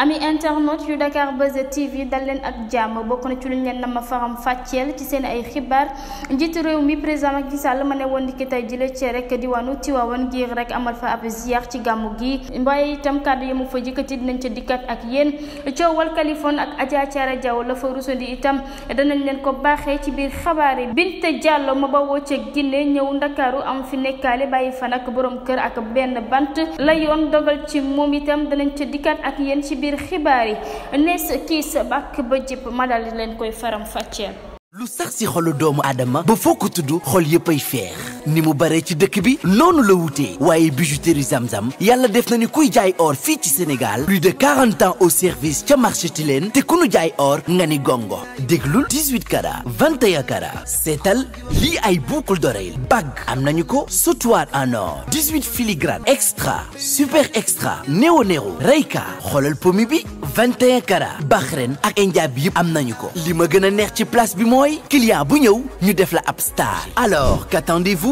ami internet yu Dakar Buzz TV dal leen ak jàmm bokk na ci lu ñu leen nama faram fàcceel ci seen ay xibaar njiitu réew mi président Macky Sall ma ne woon ndiki tey jële ci rek diwaanu Tiwaawan ngir rek amal fa ab ziar ci gàmmu gi waaye itam kàddu yi mu fa yëkkati dinañ ca dikkat ak yéen coowal Kaliphone ak Adja Thiara Diaw la fa rusandi itam danañ leen ko baaxee ci biir xabaar yi Binte Diallo ma bawoo ca Guinée ñëw Ndakaaru am fi nekkaale bàyyi fan ak boroom kër ak benn bant la yoon dogal ci moom itam danañ ca dikkat ak yéen ci biir biir xibaar yi nees kiis bàkk ba jëpp ma daal di leen koy faram fàcceel lu sax ci xolu doomu aadama ba foo ko tudd xol yëpp ay feex ni mu bare ci dëkk bi noonu la wutee waaye bijouterie Zamzam yalla def na ni kuy jaay oor fii ci Sénégal plus de 40 ans au service ca marché Tilène te ku nu jaay or nga ni gongo déglul 18 carats 21 carats seetal lii ay boucle d'oreille bague am nañu ko sautoir en or 18 filigrane extra super extra néo néo reyka xoolal pomi bi 21 carats Bahreïn ak India bi yëpp am nañu ko li ma gën a neex ci place bi mooy client bu ñëw ñu def la ab star alors quattendez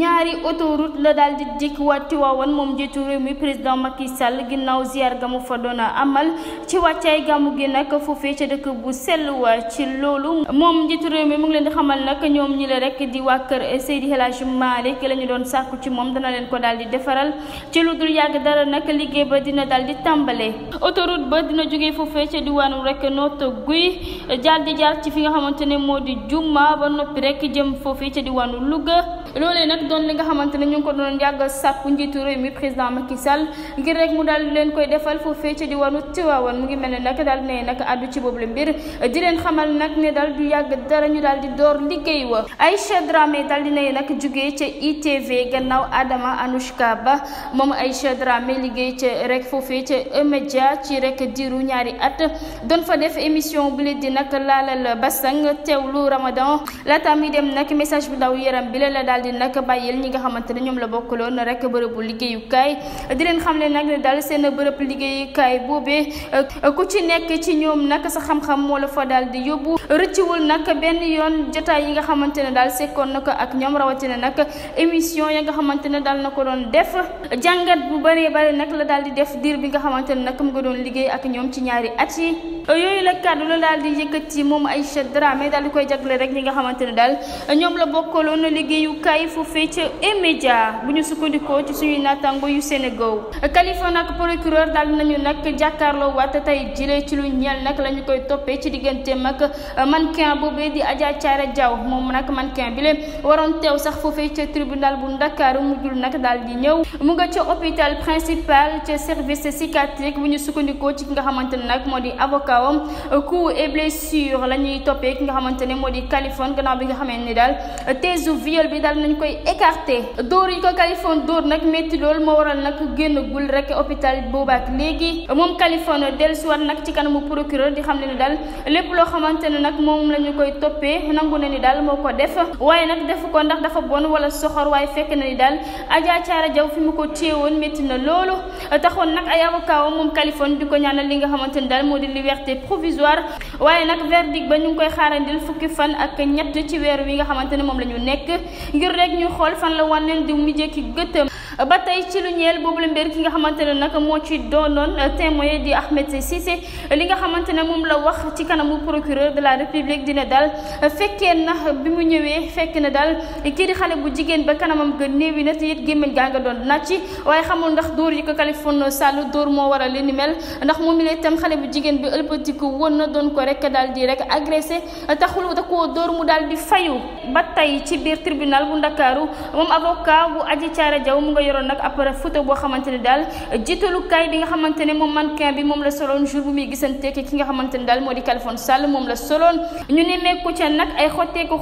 ñaari autoroute la daal di dikk waa Tiwaawan moom njiitu réew mi président Macky Sall ginnaaw ziar ga mu fa doon a amal ci wàccaay gàmmu gi nag foofee ca dëkk bu sell wa ci loolu moom njiitu réew mi mu ngi leen di xamal nag ñoom ñi la rek di waa kër Seydi El Hadji Malick la ñu doon sàkku ci moom dana leen ko daal di defaral ci lu dul yàgg dara nag liggéey ba dina daal di tàmbale autoroute ba dina jóge foofee ca diwaanu rek noota guy jaar di jaar ci fi nga xamante ne moo di Juma ba noppi rek jëm foofee ca diwaanu Louga loolee nag doon li nga xamante ne ñu ngi ko doon yàgg sàpp njiitu réew mi président Macky Sall ngir rek mu daal leen koy defal foofee ci diwaanu Tiwaawan mu ngi mel ne nag daal ne nag addu ci boobu la mbir di leen xamal nag ne daal du yàgg dara ñu daal di door liggéey wa Aïcha Dramé daal di ne nag jugee ca ITV gannaaw Adama Anouchka Ba moom Aïcha Dramé liggéey ca rek foofee ca e ci rek diiru ñaari at doon fa def émission bu leen di nag laalal basang teewlu Ramadan laata mi dem nag message bu ndaw yaram bi la daal daal di nag bàyyil ñi nga xamante ne ñoom la bokkaloon rek bërëbu liggéeyukaay di leen xam ne nag ne daal seen bërëb liggéeyukaay boobee ku ci nekk ci ñoom nak sa xam-xam moo la fa daal di yóbbu rëcciwul nag benn yoon jotaay yi nga xamante ne daal sekkoon na ko ak ñoom rawatina nag émission ya nga xamante ne daal na ko doon def jàngat bu bëree bëri nak la daal di def diir bi nga xamante ne nag mu nga doon liggéey ak ñoom ci ñaari at yi yooyu la kàddu la daal di yëkkati moom Aïcha Dramé daal di koy jagle rek li nga xamante ne daal jumtukaay foofee ca eMédia bu ñu sukkandikoo ci suñuy naataango yu Sénégal Kalifa nag procureur daal nañu nag jàkkaarloo waat tey jëlee ci lu ñeel nag la ñu koy toppee ci digganteem ak uh, mannequin boobee di Adja Thiara Diaw moom nag mannequin bi leen waroon teew sax foofee ca tribunal bu Ndakaaru mujjul nak daal di ñëw mu nga ca hôpital principal ca service psychiatrique bu ñu sukkandikoo ci nga xamante ne nag moo di avocat wam uh, coups et blessures la ñuy toppee ki nga xamante ne moo di Kaliphone gannaaw bi nga xamante ne daal uh, nañ koy écarté dóor yi ko Kaliphone dóor nag métti lool moo waral nag génnagul rek hôpital boobaak léegi moom Kaliphone dellusiwaat nag ci kanamu procureur di xam ne ni daal lépp loo xamante ne nag moom la ñu koy toppee nangu na ni daal moo ko def waaye nag def ko ndax dafa bon wala soxor waaye fekk na ni daal Adja Thiara Diaw fi mu ko téewoon métti na loolu taxoon nag ay avocat moom Kaliphone di ko ñaanal li nga xamante ni daal moo di liberté provisoire waaye nag verdict ba ñu ngi koy xaarandil fukki fan ak ñett ci weer wi nga xamante ne moom la ñu nekk ngir rek ñu xool fan la wànneen diw mu jékki gëtëm ba tey ci lu ñeel boobu la mbir ki nga xamante ne nag moo ci doonoon témoin di Ahmed Cissé li nga xamante ne moom la wax ci kanamu procureur de la république dina daal fekkee na bi mu ñëwee fekk na daal kii di xale bu jigéen ba kanamam gën néewi na te it gémmiñ gaa nga doon na ci waaye xamul ndax dóor yi ko Kaliphone saal dóor moo waral li ni mel ndax moom mi itam xale bu jigéen bi ëlbatiku woon na doon ko rek daal di rek agressé taxul da koo dóor mu daal di fayu ba tey ci biir tribunal bu Ndakaaru yoroon nag après photo boo xamante ne daal jiitalukaay bi nga xamante ne moom mannequin bi moom la soloon jour bu muy gisante ki nga xamante ne daal moo di Kaliphone Sall moom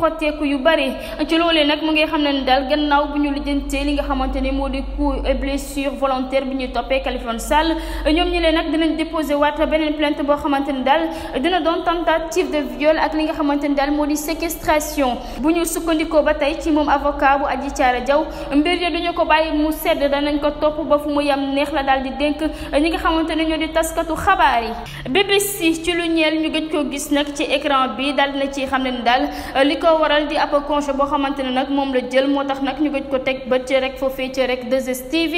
xotteeku yu bari ci loolee nag mu ngi xam ne daal gannaaw bu ñu lijjantee li nga xamante ne moo di coup blessure volontaire bi ñuy toppee Kaliphone Sall ñoom ñi leen nag dinañ déposé waat beneen plainte boo xamante ne daal dina doon tentative de viol ak li nga xamante ne daal moo di séquestration bu ñu sukkandikoo ba tey ci moom avocat bu Adji Thiara Diaw mbir ya duñu ko bàyyi bu sedd danañ ko topp ba fu mu yam neex la daal di dénk ñi nga xamante ne ñoo di taskatu xabaar yi BBC ci lu ñeel ñu gëj koo gis nag ci écran bi daal na ci xam ne ni daal li ko waral di ab congé boo xamante ne nag moom la jël moo tax nag ñu gëj ko teg bët ci rek foofee ci rek 2STV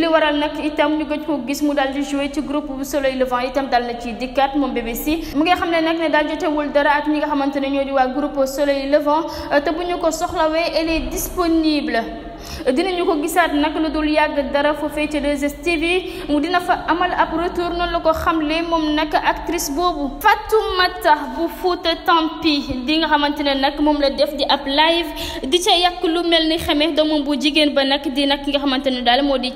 li waral nag itam ñu gëj koo gis mu daal di joué ci groupe bu Soleil Levant itam daal na ci dikkaat moom BBC mu nga xam ne nag ne daal jotewul dara ak ñi nga xamante ne ñoo di waa groupe Soleil Levant te bu ñu ko soxlawee elle est disponible dinañu ko gisaat nag lu dul yàgg dara foofee ca 2STV mu dina fa amal ab retour noonu la ko xamle moom nag actrice boobu Fatoumata bu Fouta Tampi di nga xamante ne nag moom la def di ab live di ca yàq lu mel ni xamee doomam bu jigéen ba nag di nag ki nga xamante ne daal moo di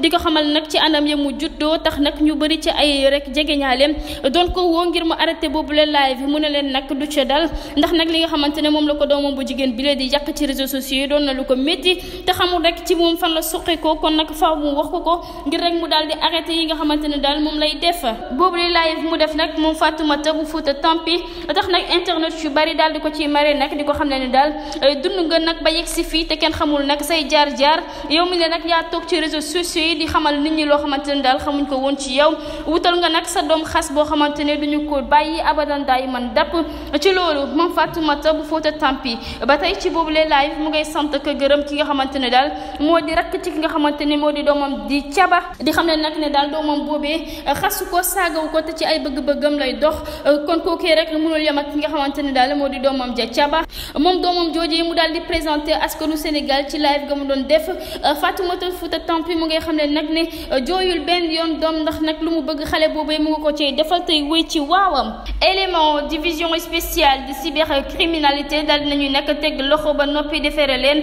di ko xamal nag ci anam ya mu juddoo tax nag ñu bëri ci ay rek jege ñaaleem doon ko woo ngir mu arrêté boobu la mu ne leen nag du ca ndax nag li nga xamante ne moom la ko doomam bu jigéen bi lee di yàq ci réseaux sociaux yi doon na ko métti te xamul rek ci moom fan la suqikoo kon nag faaw mu wax ko ko ngir rek mu daal di arrêté yi nga xamante ne daal moom lay def boobu li live mu def nag moom Fatoumata bu Fouta Tampi nag internet yu bari daal di ko ciy mare nag di ko xam ne daal euh, dund nga nag ba yegg si fii te kenn xamul nag say jaar-jaar yow mi ne nag yaa toog ci réseaux sociaux yi di xamal nit ñi loo xamante ne daal xamuñ ko woon ci yow wutal nga nag sa doom xas boo xamante ne duñu ko bàyyi abadan daay man dapp ci loolu moom Fatoumata bu Fouta Tampi ba tey ci boobu li live mu ngay sant ko gërëm ki nga xam xamante ne daal moo di rakk ci ki nga xamante ni moo di doomam di caba di xam ne nag ne daal doomam boobee eh, xasu ko saagawu ko te ci ay bëgg-bëggam lay dox eh, kon kookee rek mënul yem ak ki nga xamante ni daal moo di doomam ja caba moom doomam joojee mu daal di présenté askanu Sénégal ci live ga mu doon def eh, Fatoumata Fouta Tampi mu ngay xam ne nag ne jooyul benn yoon doom ndax nag lu mu bëgg xale boobee mu nga ko cee defal tey wuy ci waawam élément division spéciale de cybercriminalité daal dinañuy nag teg loxo ba noppi defere leen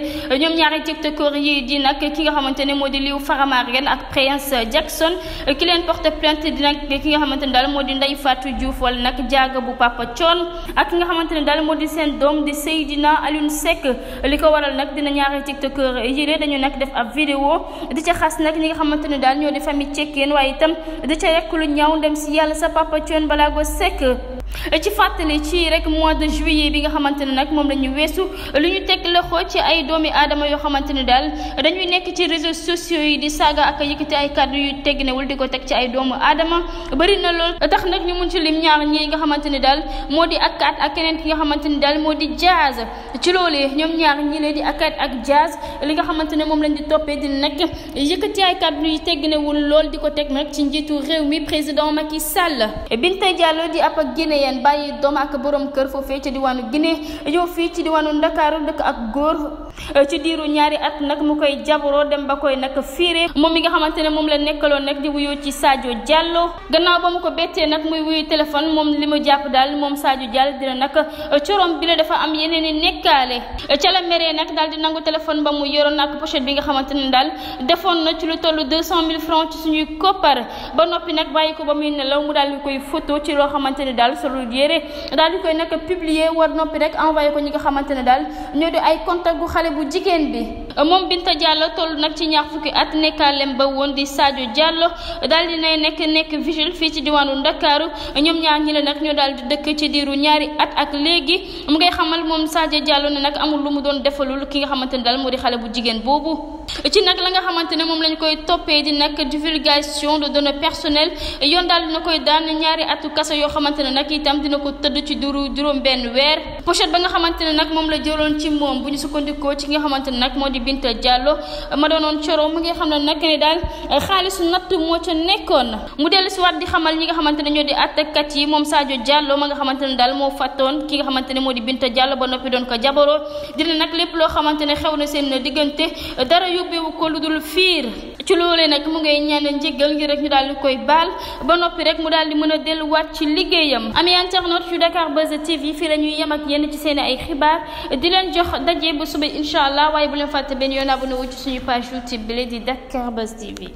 tiktoker yi di nag ki nga xamante ne moo di liw Faramareen ak Prince Jackson ki leen porte plainte di nag ki nga xamante ne daal moo di Ndeye Fatou Diouf wala nag jaaga bu Papa Thione nga xamante ne daal moo di seen doom di Seydina Alioune Seck li ko waral nag dina ñaari tiktoker yi dañu nag def ab vidéo di ca xas nag ñi nga xamante ne daal ñoo di famille cekkeen waaye itam di ca rekk lu ñaaw dem si yàlla sa Papa Thione Balago Seck E ci fàttali ci rek mois de juillet bi nga xamante ne nag moom la ñu weesu li ñu teg loxo ci ay doomi aadama yoo xamante ne daal dañuy nekk ci réseaux sociaux yi di saaga ak yëkkati ay kàddu yu tegginewul di ko teg ci ay doomu aadama bëri na lool tax nag ñu mun ci lim ñaar ñi nga xamante ne daal moo di ak keneen ki nga xamante ne daal moo di jaaz ci loolee ñoom ñaar ñi leen di akkaat ak jaaz li nga xamante ne moom lañ di toppee di nag yëkkati ay kàddu yu tegginewul lool di ko teg nag ci njiitu réew mi président Macky Sall Binta Diallo di ab ak Guinée yeen bàyyi doom ak borom kër foofee ci diwaanu Guinée ñëw fii ci diwaanu Ndakaaru dëkk ak góor ci diiru ñaari at nag mu koy jabaroo dem ba koy nag fiire moom mi nga xamante ne moom la nekkaloon nag di wuyu ci Sadio Diallo gannaaw ba mu ko bettee nag muy wuyu téléphone moom li ma jàpp daal moom Sadio Diallo dina nag corom bi la dafa am yeneen i nekkaale ca la meree nag daal di nangu téléphone ba mu yoroon ak pochette bi nga xamante ne daal defoon na ci lu toll deux cent mille francs ci suñuy koppar ba noppi nag bàyyi ko ba muy nelaw mu daal di koy photo ci loo xamante daal solul yére daal di koy nag publier war noppi rek envoyé ko ñi nga xamante ne daal ñoo di ay contact gu xale bu jigéen bi moom Binta Diallo toll nag ci ñaax fukki at nekkaalem ba woon di Sadio Diallo daal di nay nekk nekk vigile fii ci diwaanu Ndakaaru ñoom ñaar ñi la nag ñoo daal di dëkk ci diiru ñaari at ak léegi mu ngay xamal moom Sadio Diallo ne nag amul lu mu doon defalul ki nga xamante ne daal moo di xale bu jigéen boobu ci nag la nga xamante ne moom lañ koy toppee di nag divulgation de données personnelles yoon daal dina koy daan ñaari atu kaso yoo xamante ne nag itam dina ko tëdd ci duru juróom-benn weer pochette ba nga ne nag moom la jëloon ci moom bu ñu sukkandikoo ci nga xamante ne nag moo di Binta Diallo ma doonoon coro mu nga xam ne nag ne daal xaalisu natt moo ca nekkoon mu dellu si waat di xamal ñi nga xamante ne ñoo di attakat yi moom Sadio Diallo ma nga xamante ne daal moo fàttoon ki nga xamante ne moo di Binta Diallo ba noppi doon ko jabaroo dina nag lépp loo xamante ne xew na seen diggante dara yóbbewu ko lu dul fiir ci loolee nag mu ngay ñaan njéggal ngir rek ñu daal di koy baal ba noppi rek mu daal di mën a delluwaat ci liggéeyam amee internet yu Dakar Buzz TV fii la ñuy yem ak yenn ci seen ay xibaar di leen jox daje ba suba incha allah waaye bu leen fàtte benn yoon abonné wu ci suñu page YouTube bi di Dakar Buzz TV.